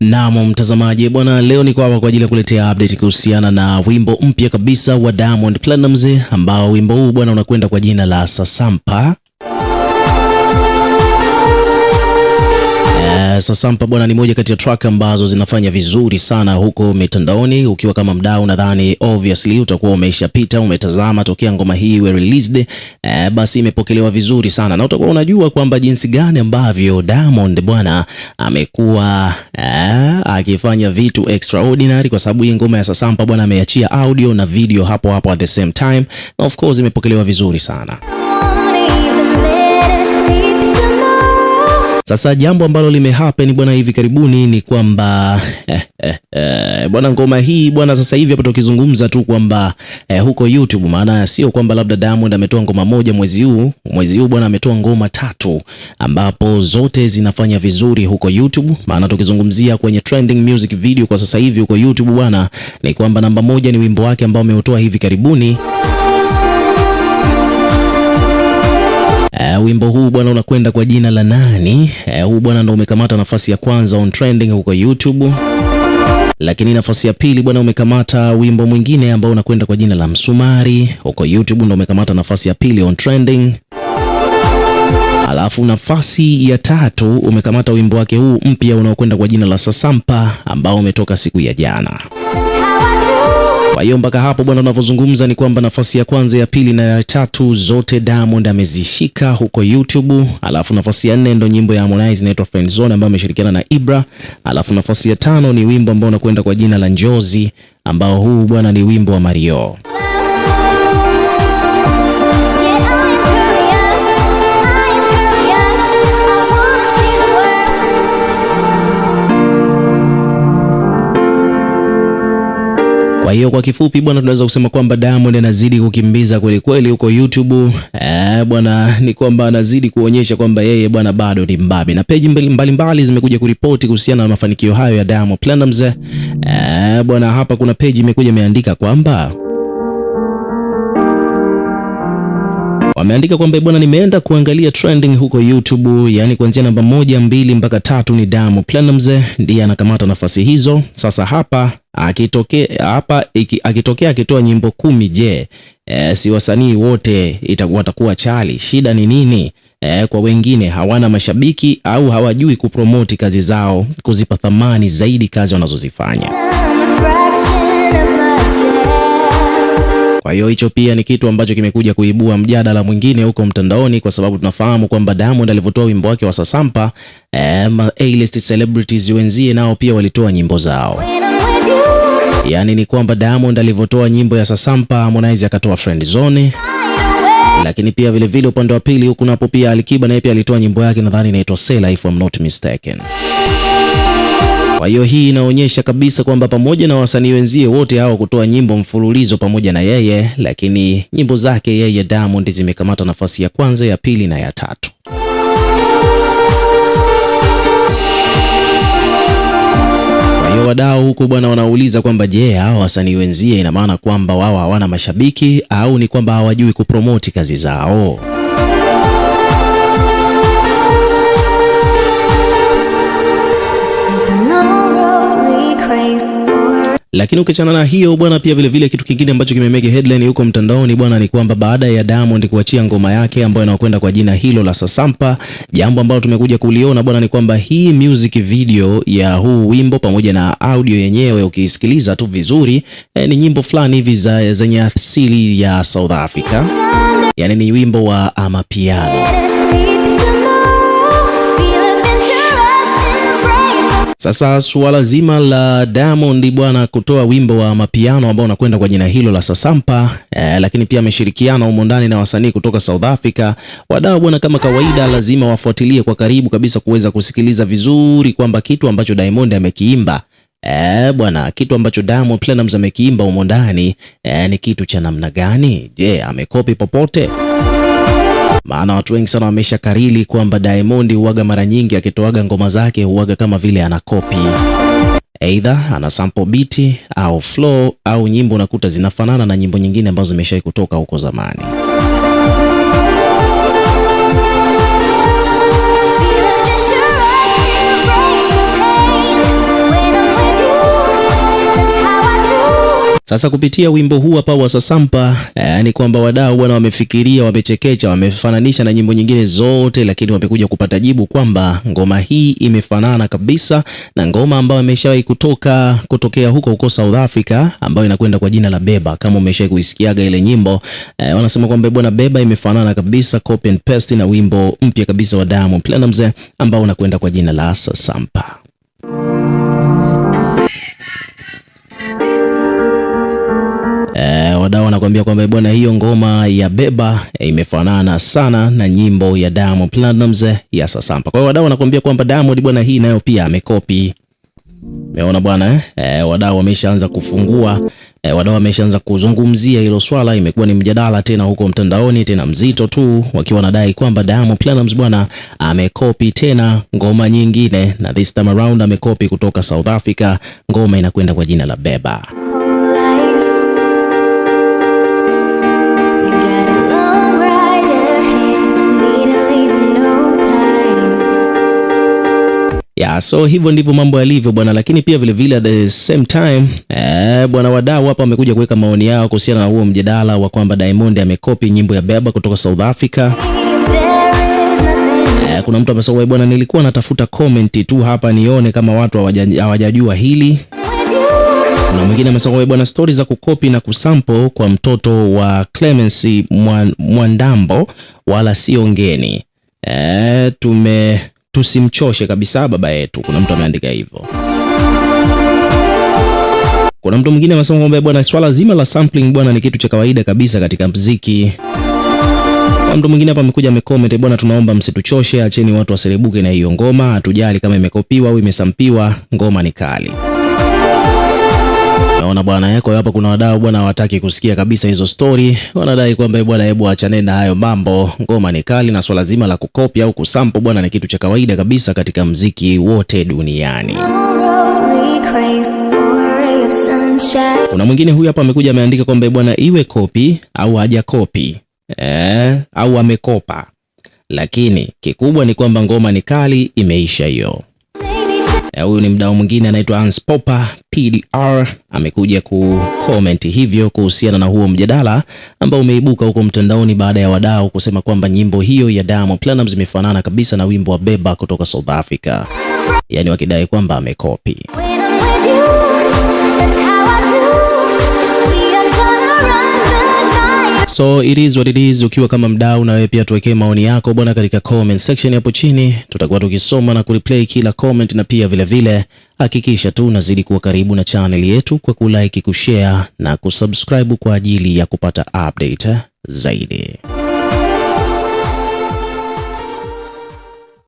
Naam mtazamaji bwana, leo niko hapa kwa ajili ya kuletea update kuhusiana na wimbo mpya kabisa wa Diamond Platnumz ambao wimbo huu bwana unakwenda kwa jina la Sasampa Uh, eh, Sasampa bwana ni moja kati ya track ambazo zinafanya vizuri sana huko mitandaoni. Ukiwa kama mdau, nadhani obviously utakuwa umeishapita umetazama tokea ngoma hii we released. Uh, basi imepokelewa vizuri sana na utakuwa unajua kwamba jinsi gani ambavyo Diamond bwana amekuwa uh, akifanya vitu extraordinary, kwa sababu hii ngoma ya Sasampa bwana ameachia audio na video hapo hapo at the same time, na of course imepokelewa vizuri sana. Sasa jambo ambalo limehappen bwana hivi karibuni ni kwamba eh, eh, eh, bwana ngoma hii bwana, sasa hivi hapa tukizungumza tu kwamba eh, huko YouTube, maana sio kwamba labda Diamond ametoa ngoma moja mwezi huu. Mwezi huu bwana ametoa ngoma tatu ambapo zote zinafanya vizuri huko YouTube, maana tukizungumzia kwenye trending music video kwa sasa hivi huko YouTube bwana ni kwamba namba moja ni wimbo wake ambao ameutoa hivi karibuni Uh, wimbo huu bwana unakwenda kwa jina la nani? Uh, huu bwana ndo umekamata nafasi ya kwanza on trending huko YouTube, lakini nafasi ya pili bwana umekamata wimbo mwingine ambao unakwenda kwa jina la Msumari huko YouTube, ndo umekamata nafasi ya pili on trending. Alafu nafasi ya tatu umekamata wimbo wake huu mpya unaokwenda kwa jina la Sasampa ambao umetoka siku ya jana. Kwa hiyo mpaka hapo bwana, unavyozungumza ni kwamba nafasi ya kwanza, ya pili na ya tatu zote Diamond amezishika huko YouTube, alafu nafasi ya nne ndo nyimbo ya Harmonize inaitwa Friend Zone ambayo ameshirikiana na Ibra, alafu nafasi ya tano ni wimbo ambao unakwenda kwa jina la Njozi ambao huu bwana ni wimbo wa Mario. Kwa hiyo kwa kifupi bwana, tunaweza kusema kwamba Diamond anazidi kukimbiza kweli kweli huko YouTube eh, bwana, ni kwamba anazidi kuonyesha kwamba yeye bwana bado ni mbabe, na peji mbalimbali zimekuja kuripoti kuhusiana na mafanikio hayo ya Diamond Platnumz. Eh, bwana, hapa kuna peji imekuja imeandika kwamba wameandika kwamba bwana, nimeenda kuangalia trending huko YouTube, yani kuanzia namba moja, mbili mpaka tatu ni Diamond Platnumz ndiye anakamata nafasi hizo. Sasa hapa akitokea hapa akitokea akitoa nyimbo kumi, je, e, si wasanii wote watakuwa chali? Shida ni nini? E, kwa wengine hawana mashabiki au hawajui kupromoti kazi zao, kuzipa thamani zaidi kazi wanazozifanya. hiyo hicho pia ni kitu ambacho kimekuja kuibua mjadala mwingine huko mtandaoni, kwa sababu tunafahamu kwamba Diamond alivyotoa wimbo wake wa Sasampa eh, A-list celebrities wenzie nao pia walitoa nyimbo zao. Yaani ni kwamba Diamond alivyotoa nyimbo ya Sasampa, Harmonize akatoa Friend Zone lakini pia vilevile upande wa pili huku napo pia Alikiba naye pia alitoa nyimbo yake, nadhani inaitwa Say Life, I'm not mistaken. Kwa hiyo hii inaonyesha kabisa kwamba pamoja na wasanii wenzie wote hawa kutoa nyimbo mfululizo pamoja na yeye, lakini nyimbo zake yeye Diamond zimekamata nafasi ya kwanza, ya pili na ya tatu. Wadau huku bwana wanauliza kwamba je, hawa wasanii wenzie ina maana kwamba wao hawana mashabiki au ni kwamba hawajui kupromoti kazi zao? Lakini ukichana na hiyo bwana, pia vile vile kitu kingine ambacho kimemeke headline huko mtandaoni bwana ni kwamba baada ya Diamond kuachia ngoma yake ambayo inakwenda kwa jina hilo la Sasampa, jambo ambalo tumekuja kuliona bwana ni kwamba hii music video ya huu wimbo pamoja na audio yenyewe ukiisikiliza tu vizuri eh, ni nyimbo fulani hivi zenye asili ya South Africa, yani ni wimbo wa amapiano Sasa suala zima la Diamond bwana kutoa wimbo wa mapiano ambao unakwenda kwa jina hilo la Sasampa eh, lakini pia ameshirikiana humo ndani na wasanii kutoka South Africa. Wadau bwana, kama kawaida, lazima wafuatilie kwa karibu kabisa kuweza kusikiliza vizuri kwamba kitu ambacho Diamond amekiimba eh, bwana, kitu ambacho Diamond Platnumz amekiimba humo ndani eh, ni kitu cha namna gani? Je, amekopi popote? maana watu wengi sana wamesha karili kwamba Diamond huaga mara nyingi akitoaga ngoma zake huaga kama vile anakopi aidha ana sample biti au flow au nyimbo unakuta zinafanana na nyimbo nyingine ambazo zimeshawahi kutoka huko zamani. Sasa kupitia wimbo huu hapa wa Sasampa eh, ni kwamba wadau bwana wamefikiria, wamechekecha, wamefananisha na nyimbo nyingine zote, lakini wamekuja kupata jibu kwamba ngoma hii imefanana kabisa na ngoma ambayo imeshawahi kutoka kutokea huko huko South Africa ambayo inakwenda kwa jina la Beba. Kama umeshawahi kuisikiaga ile nyimbo eh, wanasema kwamba bwana Beba imefanana kabisa copy and paste na wimbo mpya kabisa wa Diamond Platnumz ambao unakwenda kwa jina la Sasampa. wadau wanakuambia kwamba bwana, hiyo ngoma ya beba eh, imefanana sana na nyimbo ya Diamond Platnumz eh, ya Sasampa. Kwa hiyo wadau wanakuambia kwamba Diamond bwana, hii nayo pia amekopi. Umeona bwana eh? eh, wadau wameshaanza kufungua eh, wadau wameshaanza kuzungumzia hilo swala. Imekuwa ni mjadala tena huko mtandaoni tena mzito tu, wakiwa wanadai kwamba Diamond Platnumz bwana amekopi tena ngoma nyingine, na this time around amekopi kutoka South Africa, ngoma inakwenda kwa jina la Beba. yeah, so hivyo ndivyo mambo yalivyo bwana, lakini pia vile vile at the same time eh, bwana, wadau hapa wamekuja kuweka maoni yao kuhusiana na huo mjadala wa kwamba Diamond amekopi nyimbo ya Beba kutoka South Africa. Eh, kuna mtu amesema bwana, nilikuwa natafuta comment tu hapa nione kama watu hawajajua hili. Kuna mwingine amesema bwana, stori za kukopi na kusampo kwa mtoto wa Clemency Mwandambo wala sio ngeni. Eh, tume tusimchoshe kabisa baba yetu. Kuna mtu ameandika hivyo. Kuna mtu mwingine amesema kwamba bwana, swala zima la sampling bwana ni kitu cha kawaida kabisa katika mziki. Kuna mtu mwingine hapa amekuja amecomment, bwana, tunaomba msituchoshe, acheni watu waselebuke na hiyo ngoma, hatujali kama imekopiwa au imesampiwa, ngoma ni kali. Unaona bwana eh, kwa hiyo hapa kuna wadau bwana hawataki kusikia kabisa hizo story, wanadai kwamba eh, bwana, hebu achane na hayo mambo, ngoma ni kali na swala zima la kukopi au kusampo bwana ni kitu cha kawaida kabisa katika mziki wote duniani. Kuna mwingine huyu hapa amekuja ameandika kwamba eh, bwana, iwe kopi au hajakopi eh, au amekopa, lakini kikubwa ni kwamba ngoma ni kali, imeisha hiyo. Eh, huyu ni mdau mwingine anaitwa Hans Popper PDR amekuja comment hivyo kuhusiana na huo mjadala ambao umeibuka huko mtandaoni baada ya wadau kusema kwamba nyimbo hiyo ya Diamond Platnumz imefanana kabisa na wimbo wa Beba kutoka South Africa, yaani wakidai kwamba amekopi. So it is what it is. Ukiwa kama mdau, na wewe pia tuwekee maoni yako bwana, katika comment section hapo chini, tutakuwa tukisoma na kureplay kila comment, na pia vilevile hakikisha vile tu unazidi kuwa karibu na channel yetu kwa kulike, kushare na kusubscribe kwa ajili ya kupata update zaidi.